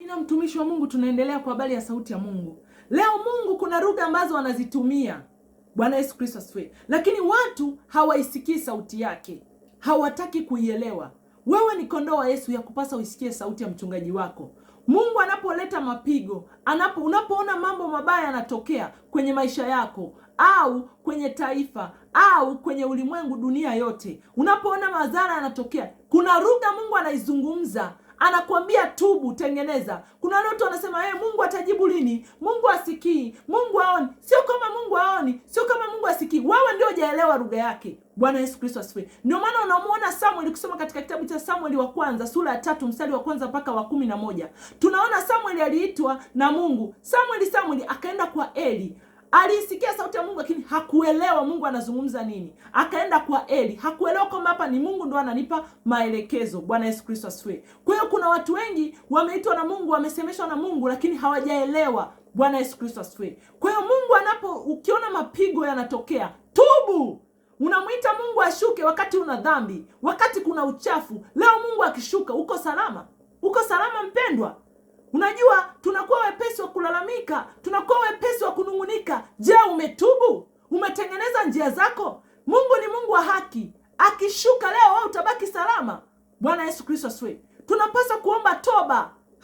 Nina mtumishi wa Mungu, tunaendelea kwa habari ya sauti ya Mungu. Leo Mungu kuna lugha ambazo wanazitumia, Bwana Yesu Kristo asifiwe, lakini watu hawaisikii sauti yake, hawataki kuielewa. Wewe ni kondoo wa Yesu, ya kupasa uisikie sauti ya mchungaji wako. Mungu anapoleta mapigo, anapo unapoona mambo mabaya yanatokea kwenye maisha yako au kwenye taifa au kwenye ulimwengu, dunia yote, unapoona madhara yanatokea, kuna lugha Mungu anaizungumza anakuambia tubu, tengeneza. Kuna watu wanasema hey, eh, Mungu atajibu lini? Mungu asikii, Mungu aoni. Sio kama Mungu aoni, sio kama Mungu asikii, wewe ndio hujaelewa lugha yake. Bwana Yesu Kristo asifiwe. Ndio maana unamuona Samuel kusema katika kitabu cha Samueli wa kwanza sura ya tatu mstari wa kwanza mpaka wa kumi na moja tunaona Samueli aliitwa na Mungu, Samueli Samueli akaenda kwa Eli aliisikia sauti ya Mungu lakini hakuelewa Mungu anazungumza nini. Akaenda kwa Eli, hakuelewa kwamba hapa ni Mungu ndo ananipa maelekezo. Bwana Yesu Kristo asifiwe. Kwa hiyo kuna watu wengi wameitwa na Mungu, wamesemeshwa na Mungu, lakini hawajaelewa. Bwana Yesu Kristo asifiwe. Kwa hiyo Mungu anapo, ukiona mapigo yanatokea, tubu. Unamwita Mungu ashuke wakati una dhambi, wakati kuna uchafu. Leo Mungu akishuka, uko salama, uko salama mpendwa. Unajua tunakuwa wepesi wa kulalamika, tunakuwa wepesi wa kukufunika. Je, umetubu? Umetengeneza njia zako? Mungu ni Mungu wa haki. Akishuka leo, wewe utabaki salama. Bwana Yesu Kristo asifiwe. Tunapaswa kuomba toba